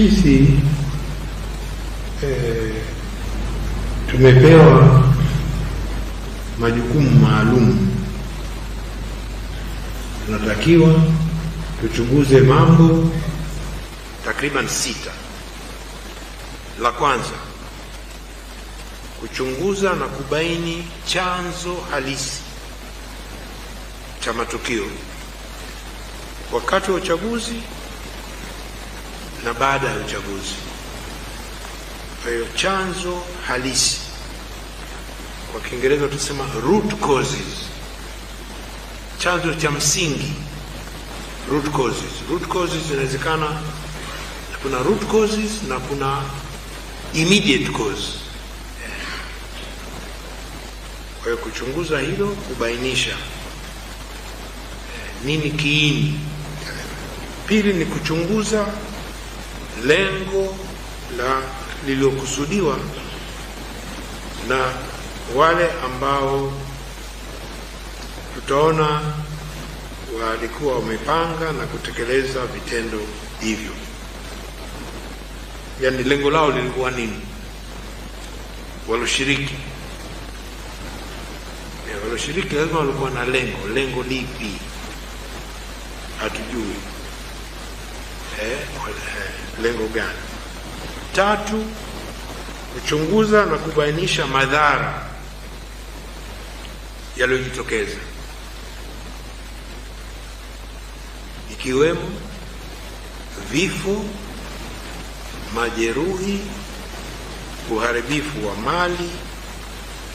sisi eh, tumepewa majukumu maalum, tunatakiwa tuchunguze mambo takriban sita. La kwanza kuchunguza na kubaini chanzo halisi cha matukio wakati wa uchaguzi na baada ya uchaguzi. Kwa hiyo chanzo halisi, kwa Kiingereza tunasema root causes, chanzo cha msingi root causes. Root causes inawezekana kuna root causes na kuna immediate cause. Kwa hiyo kuchunguza hilo, kubainisha eh, nini kiini. Pili ni kuchunguza lengo la lililokusudiwa na wale ambao tutaona walikuwa wamepanga na kutekeleza vitendo hivyo, yaani lengo lao lilikuwa nini? Waloshiriki eh, waloshiriki lazima walikuwa na lengo. Lengo lipi? Hatujui lengo gani? Tatu, kuchunguza na kubainisha madhara yaliyojitokeza ikiwemo vifo, majeruhi, uharibifu wa mali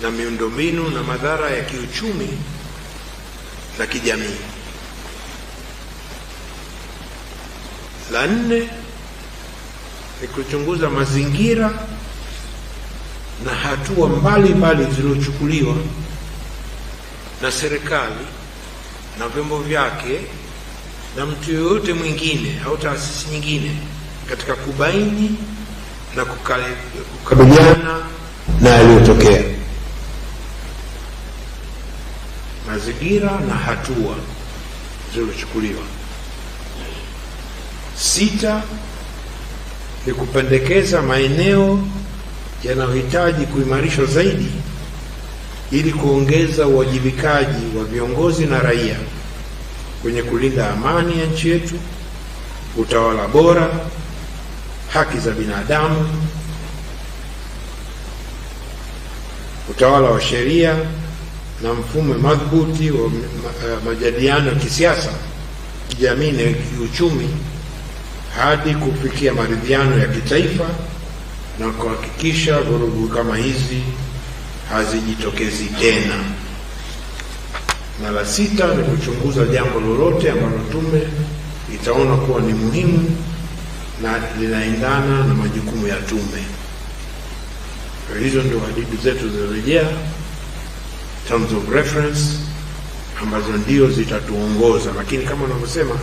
na miundombinu na madhara ya kiuchumi na kijamii. La nne ni kuchunguza mazingira na hatua mbalimbali zilizochukuliwa na serikali na vyombo vyake na mtu yoyote mwingine au taasisi nyingine katika kubaini na kukabiliana na yaliyotokea. Mazingira na hatua zilizochukuliwa. Sita, ni kupendekeza maeneo yanayohitaji kuimarishwa zaidi ili kuongeza uwajibikaji wa viongozi na raia kwenye kulinda amani ya nchi yetu, utawala bora, haki za binadamu, utawala wa sheria na mfumo madhubuti wa eh, majadiliano ya kisiasa, kijamii na kiuchumi hadi kufikia maridhiano ya kitaifa na kuhakikisha vurugu kama hizi hazijitokezi tena. Na la sita ni kuchunguza jambo lolote ambalo tume itaona kuwa ni muhimu na linaendana na majukumu ya tume. Hizo ndio hadidu zetu zilizorejea, terms of reference ambazo ndio zitatuongoza, lakini kama unavyosema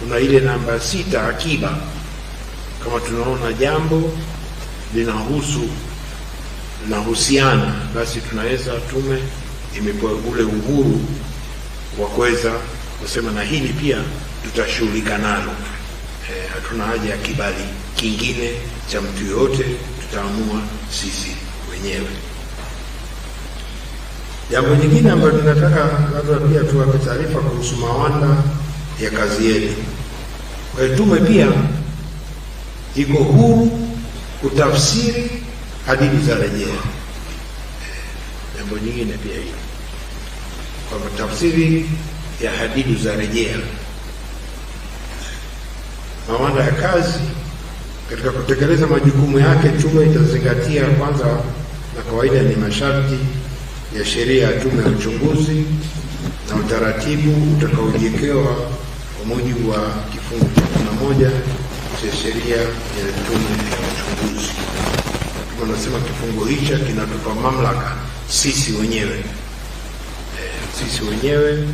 kuna ile namba sita, akiba. Kama tunaona jambo linahusu linahusiana, basi tunaweza tume imepewa ule uhuru wa kuweza kusema na hili pia tutashughulika nalo. E, hatuna haja ya kibali kingine cha mtu yoyote, tutaamua sisi wenyewe. Jambo nyingine ambayo tunataka labda pia tuwape taarifa kuhusu Mawanda ya kazi yetu. Kwa hiyo tume pia iko huru kutafsiri hadithi za rejea, jambo nyingine pia hiyo kwamba tafsiri ya hadidu za rejea mawanda ya kazi katika kutekeleza majukumu yake, tume itazingatia kwanza, na kawaida ni masharti ya sheria ya tume ya uchunguzi na utaratibu utakaojiwekewa mujibu wa kifungu cha kumi na moja cha sheria ya tume ya uchunguzi. Kama nasema kifungu hicho kinatupa mamlaka sisi wenyewe e, sisi wenyewe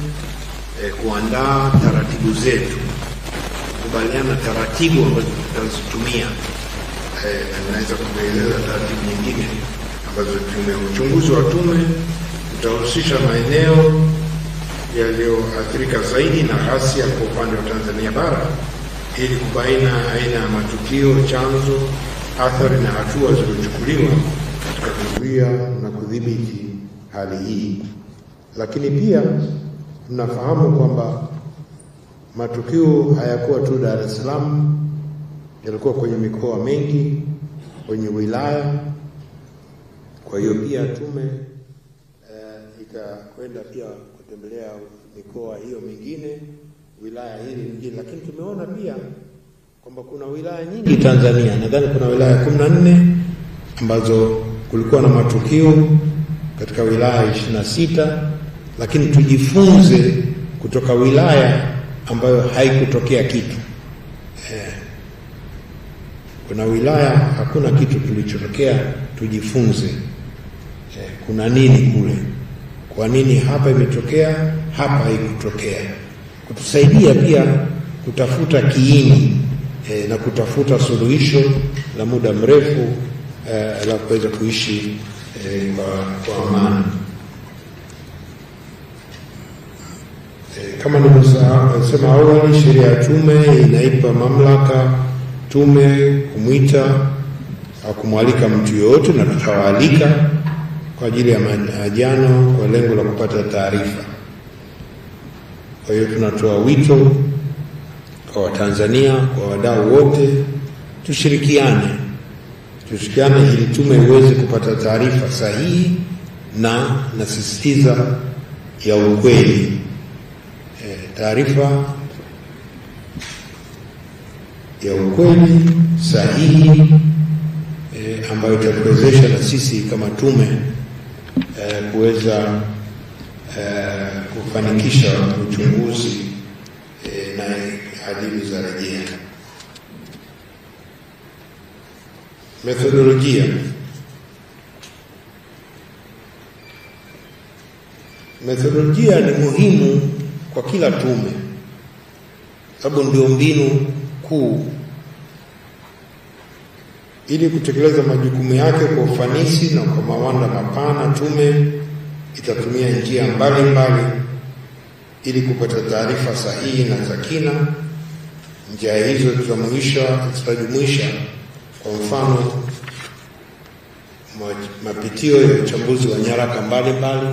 e, kuandaa taratibu zetu, kukubaliana taratibu ambazo tutazitumia. Eh, Anaweza e, kueleza taratibu nyingine ambazo tume uchunguzi wa tume utahusisha maeneo yaliyoathirika zaidi na ghasia kwa upande wa Tanzania bara ili kubaina aina ya matukio, chanzo, athari na hatua zilizochukuliwa katika kuzuia na kudhibiti hali hii. Lakini pia tunafahamu kwamba matukio hayakuwa tu Dar es Salaam, yalikuwa kwenye mikoa mengi, kwenye wilaya. Kwa hiyo pia tume eh, ikakwenda pia kutembelea mikoa hiyo mingine, wilaya hili mjini, lakini tumeona pia kwamba kuna wilaya nyingi Tanzania, nadhani kuna wilaya kumi na nne ambazo kulikuwa na matukio katika wilaya ishirini na sita lakini tujifunze kutoka wilaya ambayo haikutokea kitu eh. Kuna wilaya hakuna kitu kilichotokea, tujifunze eh, kuna nini kule kwa nini hapa imetokea, hapa haikutokea, kutusaidia pia kutafuta kiini e, na kutafuta suluhisho la muda mrefu e, la kuweza kuishi e, kwa, kwa amani. Kama nilivyosema awali, sheria ya tume inaipa mamlaka tume kumwita au kumwalika mtu yoyote, na tutawaalika kwa ajili ya mahojiano kwa lengo la kupata taarifa. Kwa hiyo tunatoa wito kwa Watanzania, kwa wadau wote, tushirikiane tushirikiane ili tume iweze kupata taarifa sahihi na nasisitiza ya ukweli. E, taarifa ya ukweli sahihi e, ambayo itatuwezesha na sisi kama tume eh, kuweza eh, kufanikisha uchunguzi eh, na adhibu za rejea. Methodolojia. Methodolojia ni muhimu kwa kila tume, sababu ndio mbinu kuu ili kutekeleza majukumu yake kwa ufanisi na kwa mawanda mapana, tume itatumia njia mbalimbali ili kupata taarifa sahihi na za kina. Njia hizo zitajumuisha kwa mfano mapitio ya uchambuzi wa nyaraka mbalimbali,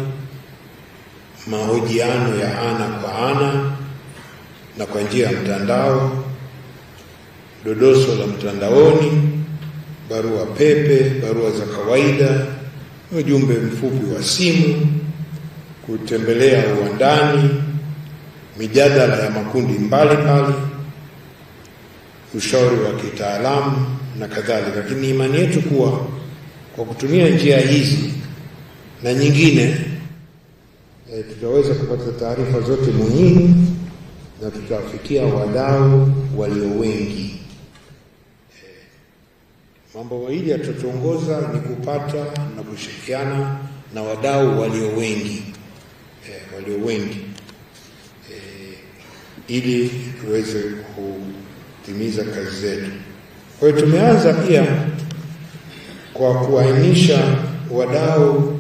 mahojiano ya ana kwa ana na kwa njia ya mtandao, dodoso la mtandaoni barua pepe, barua za kawaida, ujumbe mfupi wa simu, kutembelea uwandani, mijadala ya makundi mbalimbali, ushauri wa kitaalamu na kadhalika. Lakini imani yetu kuwa kwa kutumia njia hizi na nyingine e, tutaweza kupata taarifa zote muhimu na tutawafikia wadau walio wengi. Mambo mawili yatatuongoza ni kupata na kushirikiana na wadau walio wengi e, walio wengi e, ili tuweze kutimiza kazi zetu. Kwa hiyo tumeanza pia kwa kuainisha wadau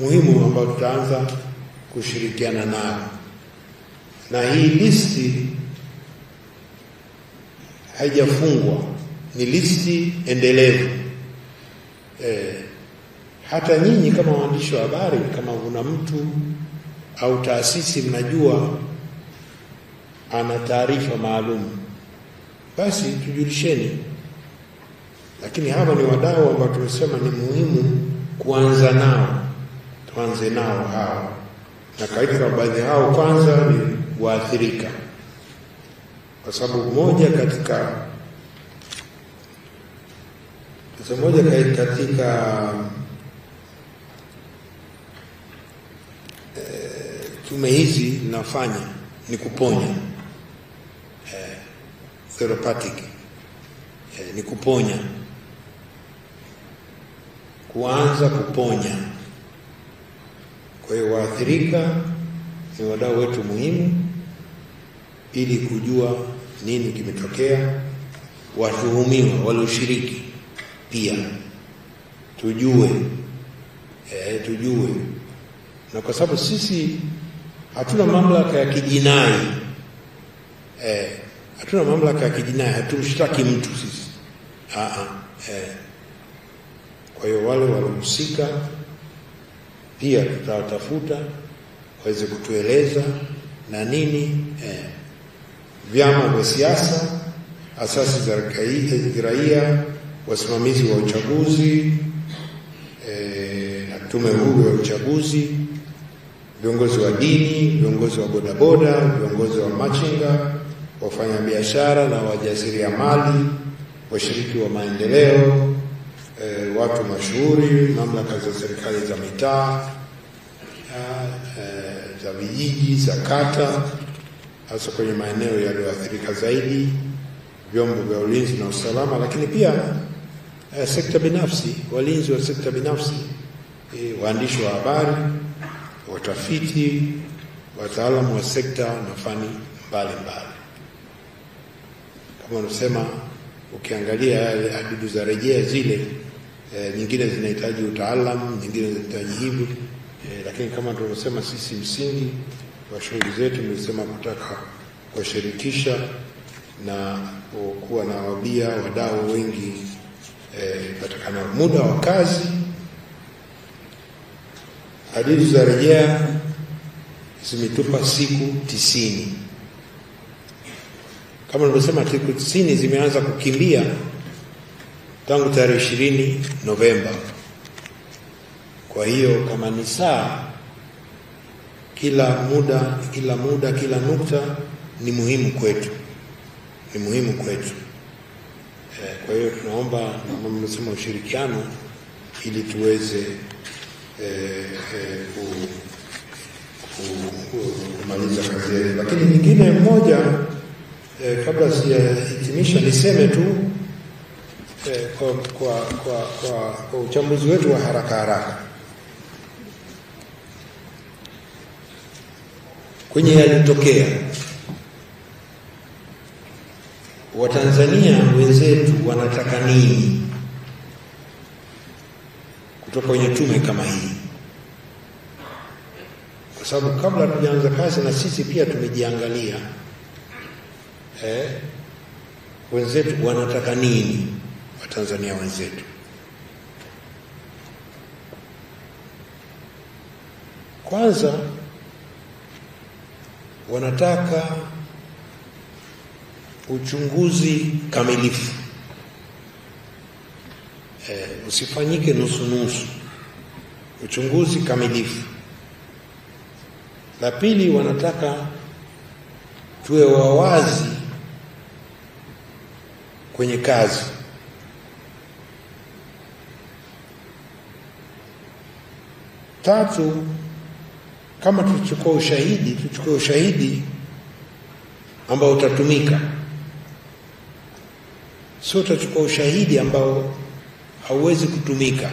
muhimu ambao tutaanza kushirikiana nao, na hii listi haijafungwa ni listi endelevu e, hata nyinyi kama waandishi wa habari, kama kuna mtu au taasisi mnajua ana taarifa maalum, basi tujulisheni. Lakini hawa ni wadau ambao tumesema ni muhimu kuanza nao, tuanze nao hao, na kaika baadhi hao kwanza ni waathirika, kwa sababu moja katika sasa moja katika e, tume hizi nafanya ni kuponya e, therapeutic e, ni kuponya, kuanza kuponya. Kwa hiyo waathirika ni wadau wetu muhimu, ili kujua nini kimetokea, watuhumiwa walioshiriki pia tujue e, tujue, na kwa sababu sisi hatuna mamlaka ya kijinai e, hatuna mamlaka ya kijinai, hatumshtaki mtu sisi a a e. Eh. Kwa hiyo wale walihusika pia tutawatafuta waweze kutueleza na nini eh, vyama vya siasa, asasi za kiraia wasimamizi wa uchaguzi e, na tume huru ya uchaguzi, viongozi wa dini, viongozi wa bodaboda, viongozi wa machinga, wafanyabiashara na wajasiriamali, washiriki wa maendeleo e, watu mashuhuri, mamlaka za serikali za mitaa e, za vijiji, za kata, hasa kwenye maeneo yaliyoathirika zaidi, vyombo vya ulinzi na usalama, lakini pia eh, sekta binafsi, walinzi wa sekta binafsi eh, waandishi wa habari, watafiti, wataalamu wa sekta na fani mbalimbali. Kama unasema ukiangalia adudu za rejea zile eh, nyingine zinahitaji utaalamu, nyingine zinahitaji hivi eh, lakini kama tunavyosema sisi msingi wa shughuli zetu nilisema kutaka kuwashirikisha na kuwa na wabia wadau wengi ipatikana eh, e, muda wa kazi, hadithi za rejea zimetupa siku tisini. Kama nilivyosema, siku tisini zimeanza kukimbia tangu tarehe ishirini Novemba. Kwa hiyo kama ni saa, kila muda, kila muda, kila nukta ni muhimu kwetu, ni muhimu kwetu. Eh, kwa hiyo tunaomba kama mmesema ushirikiano ili tuweze eh, eh kumaliza kazi yetu. Lakini nyingine mmoja eh, kabla sijahitimisha niseme tu eh, kwa, kwa, kwa, kwa, kwa uchambuzi wetu wa haraka haraka kwenye yalitokea Watanzania wenzetu wanataka nini kutoka kwenye tume kama hii, kwa sababu kabla tujaanza kazi na sisi pia tumejiangalia eh, wenzetu wanataka nini, Watanzania wenzetu. Kwanza wanataka uchunguzi kamilifu e, usifanyike nusu nusu, uchunguzi kamilifu. La pili, wanataka tuwe wawazi kwenye kazi. Tatu, kama tuchukua ushahidi, tuchukue ushahidi ambao utatumika sio tuko ushahidi ambao hauwezi kutumika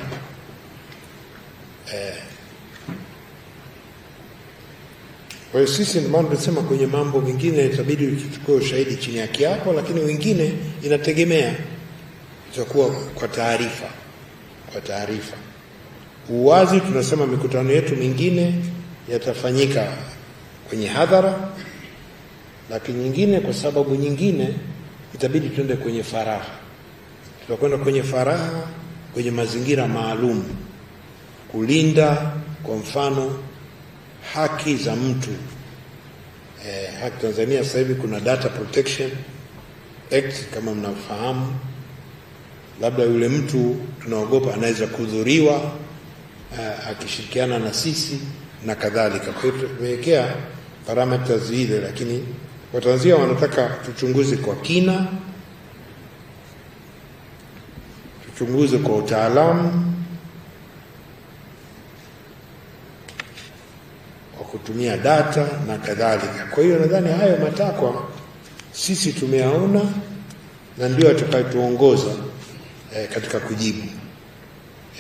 eh. Kwa hiyo sisi ndio maana tunasema kwenye mambo mengine itabidi tuchukue ushahidi chini ya kiapo, lakini wengine inategemea itakuwa kwa taarifa. Kwa taarifa uwazi, tunasema mikutano yetu mingine yatafanyika kwenye hadhara, lakini nyingine kwa sababu nyingine itabidi tuende kwenye faraha. Tutakwenda kwenye faraha kwenye mazingira maalum, kulinda kwa mfano haki za mtu eh, haki Tanzania sasa hivi kuna Data Protection Act kama mnafahamu, labda yule mtu tunaogopa anaweza kudhuriwa eh, akishirikiana na sisi na kadhalika. Kwa hiyo tumewekea parameters hizi, lakini Watanzania wanataka tuchunguze kwa kina, tuchunguze kwa utaalamu wa kutumia data na kadhalika. Kwa hiyo nadhani hayo matakwa sisi tumeyaona na ndio atakayetuongoza eh, katika kujibu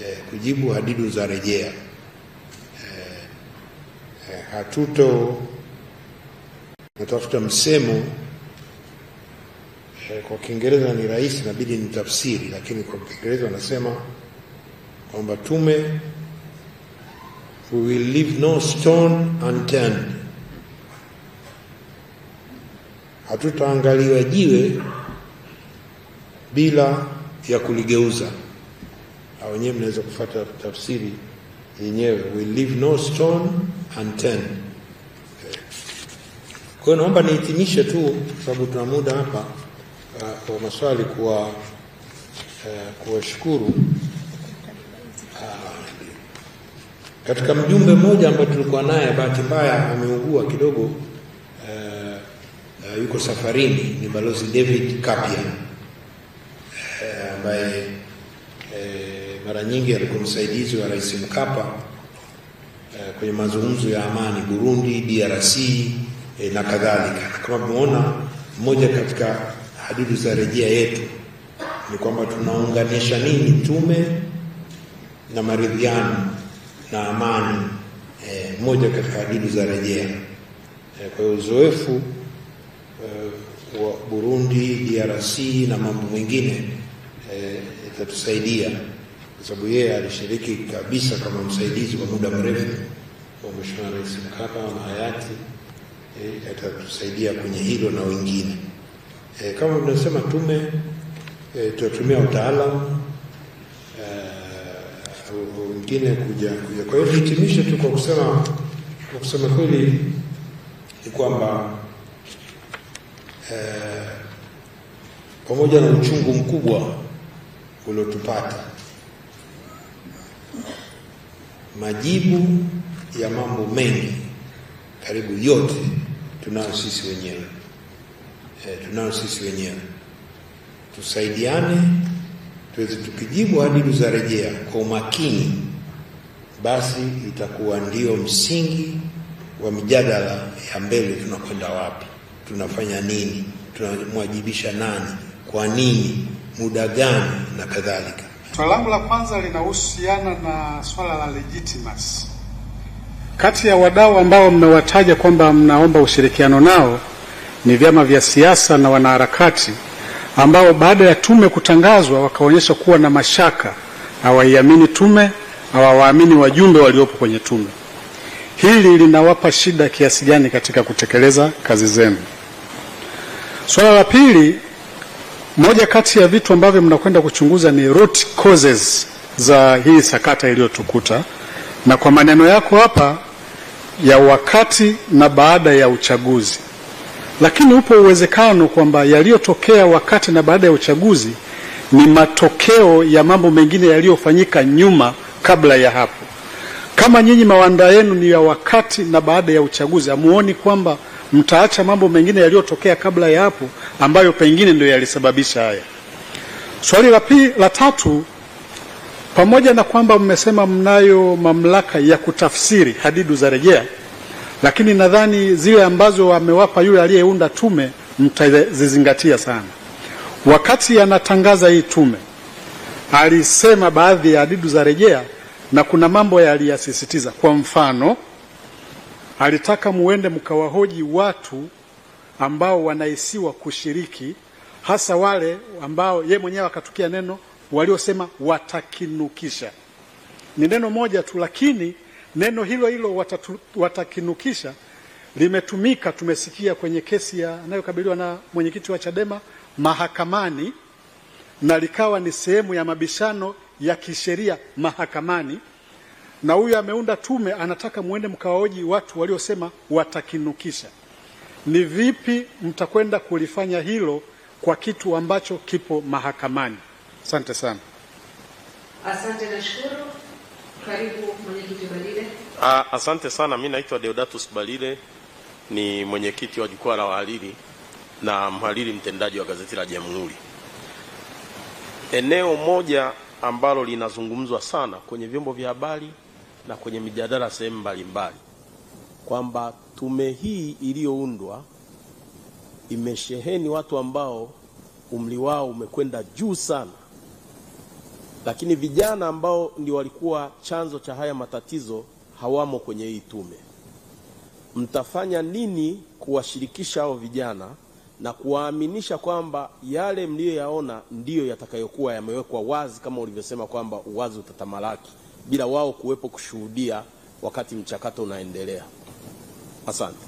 eh, kujibu hadidu za rejea eh, eh, hatuto natafuta msemo eh, kwa Kiingereza ni rahisi, inabidi ni tafsiri, lakini kwa Kiingereza wanasema kwamba tume, we will leave no stone unturned, hatutaangaliwa jiwe bila ya kuligeuza. Wenyewe mnaweza kufuata tafsiri yenyewe, we leave no stone unturned kwa naomba nihitimishe tu, sababu tuna muda hapa uh, kwa uh, maswali kuwa uh, kuwashukuru uh, katika mjumbe mmoja ambaye tulikuwa naye, bahati mbaya ameugua kidogo uh, uh, yuko safarini, ni Balozi David Kapia uh, ambaye uh, uh, mara nyingi alikuwa msaidizi wa Rais Mkapa uh, kwenye mazungumzo ya amani Burundi, DRC e, na kadhalika. Kama tumeona mmoja katika hadidu za rejea yetu ni kwamba tunaunganisha nini tume na maridhiano na amani e, eh, moja katika hadidu za rejea e, kwa hiyo uzoefu e, wa Burundi, DRC na mambo mengine itatusaidia e, kwa sababu yeye alishiriki kabisa kama msaidizi kwa muda mrefu wa Mheshimiwa Rais Mkapa na hayati atatusaidia e, kwenye hilo na wengine e, kama tunasema tume e, tutatumia utaalamu e, wengine kuja kuja. Kwa hiyo hitimisho tu kwa kusema kwa kusema kweli ni kwamba e, pamoja na uchungu mkubwa uliotupata majibu ya mambo mengi karibu yote tunayo sisi wenyewe e, eh, tunayo sisi wenyewe. Tusaidiane tuweze, tukijibu hadidu za rejea kwa umakini, basi itakuwa ndio msingi wa mijadala ya mbele. Tunakwenda wapi? Tunafanya nini? Tunamwajibisha nani? Kwa nini? Muda gani? na kadhalika. Swala langu la kwanza linahusiana na swala la legitimacy kati ya wadau ambao mmewataja kwamba mnaomba ushirikiano nao ni vyama vya siasa na wanaharakati ambao baada ya tume kutangazwa wakaonyesha kuwa na mashaka, hawaiamini tume, hawawaamini wajumbe waliopo kwenye tume. Hili linawapa shida kiasi gani katika kutekeleza kazi zenu? Swala la pili, moja kati ya vitu ambavyo mnakwenda kuchunguza ni root causes za hii sakata iliyotukuta, na kwa maneno yako hapa ya wakati na baada ya uchaguzi, lakini upo uwezekano kwamba yaliyotokea wakati na baada ya uchaguzi ni matokeo ya mambo mengine yaliyofanyika nyuma kabla ya hapo. Kama nyinyi mawanda yenu ni ya wakati na baada ya uchaguzi, hamuoni kwamba mtaacha mambo mengine yaliyotokea kabla ya hapo ambayo pengine ndio yalisababisha haya? Swali la pili, la tatu pamoja na kwamba mmesema mnayo mamlaka ya kutafsiri hadidu za rejea, lakini nadhani zile ambazo wamewapa yule aliyeunda tume mtazizingatia sana. Wakati anatangaza hii tume, alisema baadhi ya hadidu za rejea na kuna mambo yaliyasisitiza. Kwa mfano, alitaka muende mkawahoji watu ambao wanahisiwa kushiriki, hasa wale ambao ye mwenyewe akatukia neno waliosema watakinukisha. Ni neno moja tu, lakini neno hilo hilo watatu, watakinukisha limetumika tumesikia kwenye kesi anayokabiliwa na mwenyekiti wa Chadema mahakamani na likawa ni sehemu ya mabishano ya kisheria mahakamani, na huyu ameunda tume, anataka muende mkawaoji watu waliosema watakinukisha. Ni vipi mtakwenda kulifanya hilo kwa kitu ambacho kipo mahakamani? Asante sana. Asante, shukuru. Karibu mwenyekiti Balile. Ah, asante sana. Mimi naitwa Deodatus Balile ni mwenyekiti wa jukwaa la wahariri na mhariri mtendaji wa gazeti la Jamhuri. Eneo moja ambalo linazungumzwa sana kwenye vyombo vya habari na kwenye mijadala sehemu mbalimbali, kwamba tume hii iliyoundwa imesheheni watu ambao umri wao umekwenda juu sana lakini vijana ambao ndio walikuwa chanzo cha haya matatizo hawamo kwenye hii tume. Mtafanya nini kuwashirikisha hao vijana na kuwaaminisha kwamba yale mliyoyaona ndiyo yatakayokuwa yamewekwa wazi, kama ulivyosema kwamba uwazi utatamalaki bila wao kuwepo kushuhudia wakati mchakato unaendelea? Asante.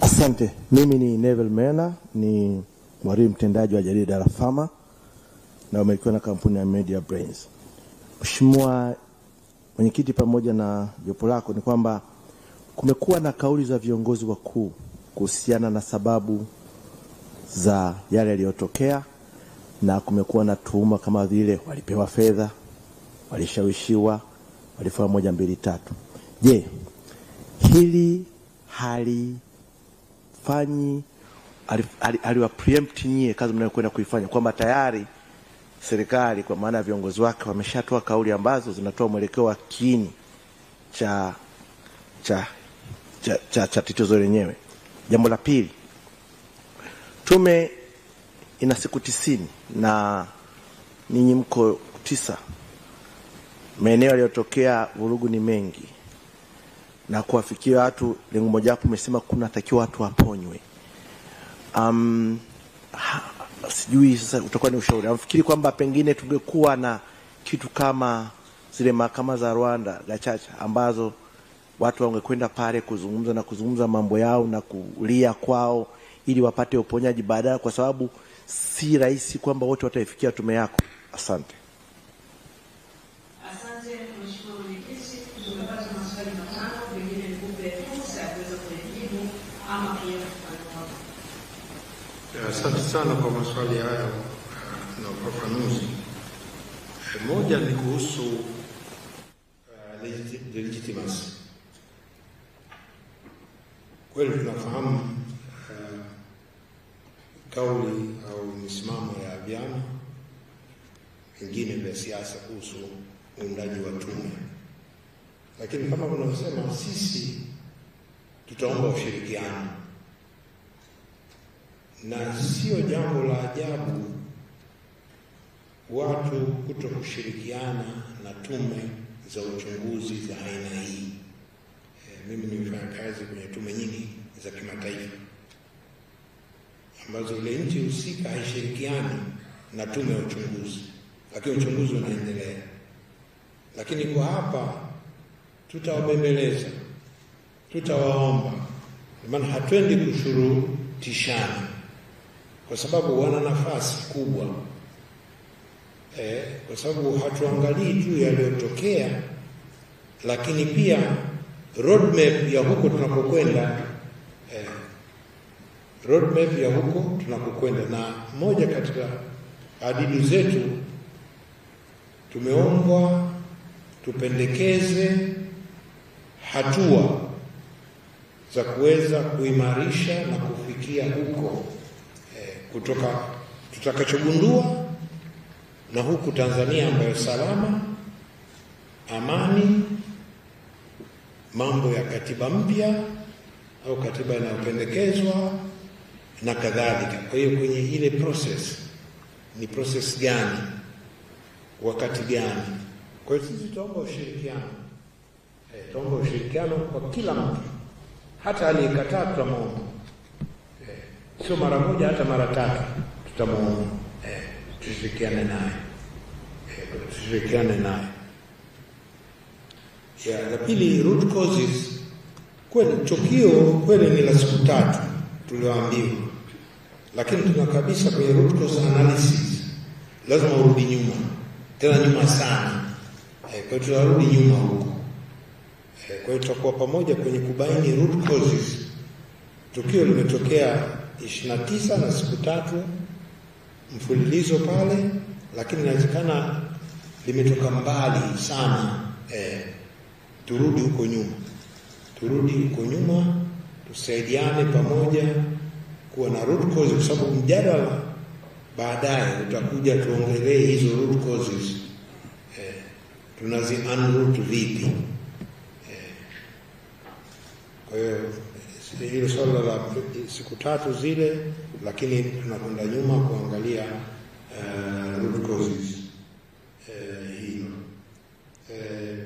Asante. Mimi ni Nevel Mena, ni mwalimu mtendaji wa jarida la Fama na wamilikiwa na kampuni ya Media Brains. Mheshimiwa Mwenyekiti, pamoja na jopo lako, ni kwamba kumekuwa na kauli za viongozi wakuu kuhusiana na sababu za yale yaliyotokea, na kumekuwa na tuhuma kama vile walipewa fedha, walishawishiwa, walifaa moja mbili tatu. Je, hili halifanyi aliwa preempt nyie kazi mnayokwenda kuifanya kwamba tayari serikali kwa maana ya viongozi wake wameshatoa kauli ambazo zinatoa mwelekeo wa kiini cha, cha, cha, cha, cha tatizo lenyewe. Jambo la pili, tume ina siku tisini na ninyi mko tisa. Maeneo yaliyotokea vurugu ni mengi na kuwafikia watu, lengo moja wapo umesema kunatakiwa watu waponywe. Um, sijui sasa utakuwa ni ushauri. Nafikiri kwamba pengine tungekuwa na kitu kama zile mahakama za Rwanda Gachacha ambazo watu wangekwenda pale kuzungumza na kuzungumza mambo yao na kulia kwao ili wapate uponyaji baadaye, kwa sababu si rahisi kwamba wote wataifikia tume yako. Asante. Asante sana kwa maswali haya na ufafanuzi. Eh, moja ni kuhusu uh, legitimacy. Kweli tunafahamu uh, kauli au misimamo ya vyama vingine vya siasa kuhusu uundaji wa tume, lakini kama unavyosema, sisi tutaomba ushirikiano na sio jambo la ajabu watu kuto kushirikiana na tume za uchunguzi za aina hii. E, mimi nimefanya kazi kwenye tume nyingi za kimataifa ambazo ile nchi husika haishirikiani na tume ya uchunguzi, lakini uchunguzi unaendelea. Lakini kwa hapa tutawabembeleza, tutawaomba, maana hatuendi kushurutishana kwa sababu wana nafasi kubwa eh, kwa sababu hatuangalii tu yaliyotokea, lakini pia roadmap ya huko tunakokwenda eh, roadmap ya huko tunakokwenda. Na moja katika adili zetu tumeombwa tupendekeze hatua za kuweza kuimarisha na kufikia huko kutoka tutakachogundua na huku Tanzania ambayo salama, amani, mambo ya katiba mpya au katiba inayopendekezwa na kadhalika. Kwa hiyo kwenye ile process ni process gani, wakati gani? Kwa hiyo sisi tuomba ushirikiano e, eh, tuomba ushirikiano kwa kila mtu, hata aliyekataa tutamwomba sio mara moja, hata mara tatu tutamuona. Eh, tushirikiane naye eh, tushirikiane naye ya la pili, root causes. Kweli chokio kweli ni la siku tatu tulioambiwa, lakini tuna kabisa kwenye root cause analysis, lazima urudi nyuma tena nyuma sana eh, kwa hiyo tunarudi nyuma huko eh, kwa hiyo tutakuwa pamoja kwenye kubaini root causes, tukio limetokea ishirini na tisa na siku tatu mfululizo pale, lakini inawezekana limetoka mbali sana eh, turudi huko nyuma, turudi huko nyuma, tusaidiane pamoja kuwa na root causes, kwa sababu mjadala baadaye utakuja tuongelee hizo root causes eh, tunazi unroot vipi eh, kwa hiyo hilo swala la siku tatu zile, lakini tunakwenda nyuma kuangalia uh, root causes uh, hilo uh,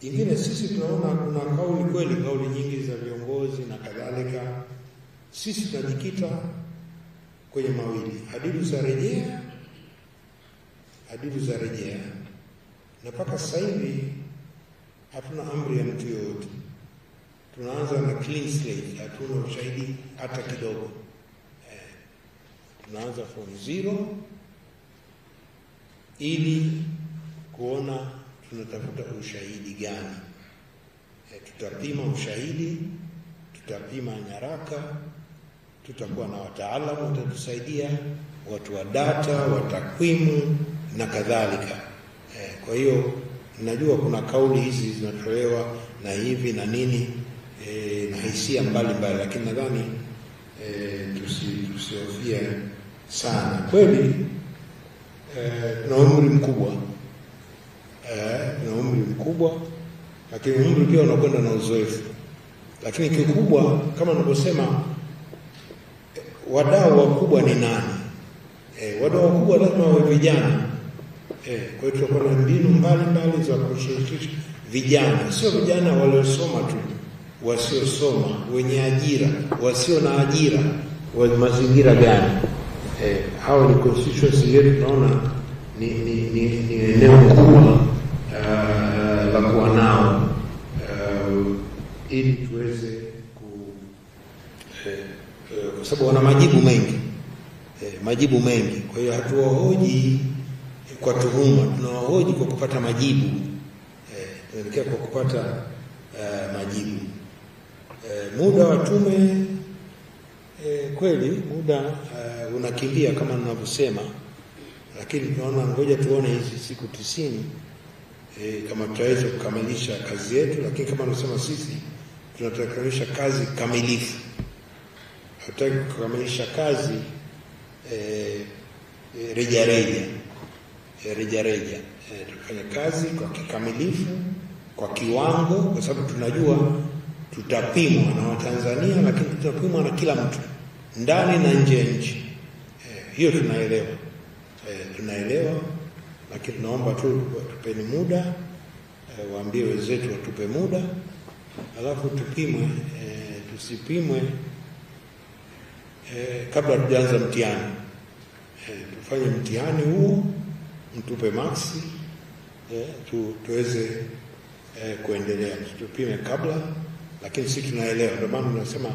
ingine. Sisi tunaona kuna kauli kweli, kauli nyingi za viongozi na kadhalika. Sisi tunajikita kwenye mawili, hadidu za rejea, hadidu za rejea, na mpaka sasa hivi hatuna amri ya mtu yoyote tunaanza na clean slate, hatuna ushahidi hata kidogo eh, tunaanza from zero ili kuona tunatafuta ushahidi gani. Eh, tutapima ushahidi, tutapima nyaraka, tutakuwa na wataalamu watatusaidia, watu wa data, wa takwimu na kadhalika. Eh, kwa hiyo najua kuna kauli hizi zinatolewa na hivi na nini e, na hisia mbalimbali, lakini nadhani e, tusihofie sana kweli. Eh, na umri mkubwa tuna umri mkubwa, lakini umri pia unakwenda na uzoefu, lakini kikubwa kama nilivyosema, wadau wakubwa ni nani? E, wadau wakubwa lazima wawe vijana e. Kwa hiyo tutakuwa na mbinu mbalimbali za kushirikisha vijana, sio vijana waliosoma tu wasiosoma, wenye ajira, wasio na ajira wa mazingira gani? Eh, hao ni constituency yetu, tunaona ni ni ni, ni eneo kubwa uh, la kuwa nao uh, ili tuweze ku eh, eh, kwa sababu wana majibu mengi eh, majibu mengi. Kwa hiyo hatuwahoji kwa tuhuma, tunawahoji kwa kupata majibu eh, tunaelekea kwa kupata uh, majibu e, muda wa tume e, kweli muda e, unakimbia kama ninavyosema, lakini tunaona ngoja tuone hizi siku tisini e, kama tutaweza kukamilisha kazi yetu, lakini kama navyosema sisi tunatakimisha kazi kamilifu, hatutaki kukamilisha kazi e, rejareja e, Tutafanya kazi kwa kikamilifu, kwa kiwango, kwa sababu tunajua tutapimwa na Watanzania, lakini tutapimwa na kila mtu ndani na nje ya nchi. Eh, hiyo tunaelewa e, tunaelewa, lakini tunaomba tu watupeni muda e, waambie wenzetu watupe muda, alafu tupimwe e, tusipimwe e, kabla hatujaanza mtihani e, tufanye mtihani huu mtupe maksi e, tu, tuweze e, kuendelea, tupime kabla lakini sisi tunaelewa. Ndio maana tunasema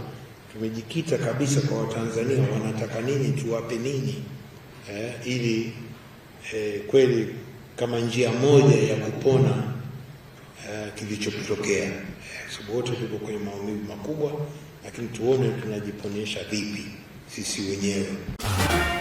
tumejikita kabisa kwa Watanzania wanataka nini, tuwape nini eh, ili eh, kweli kama njia moja ya kupona eh, kilichotokea eh, sababu wote tuko kwenye maumivu makubwa, lakini tuone tunajiponyesha vipi sisi wenyewe.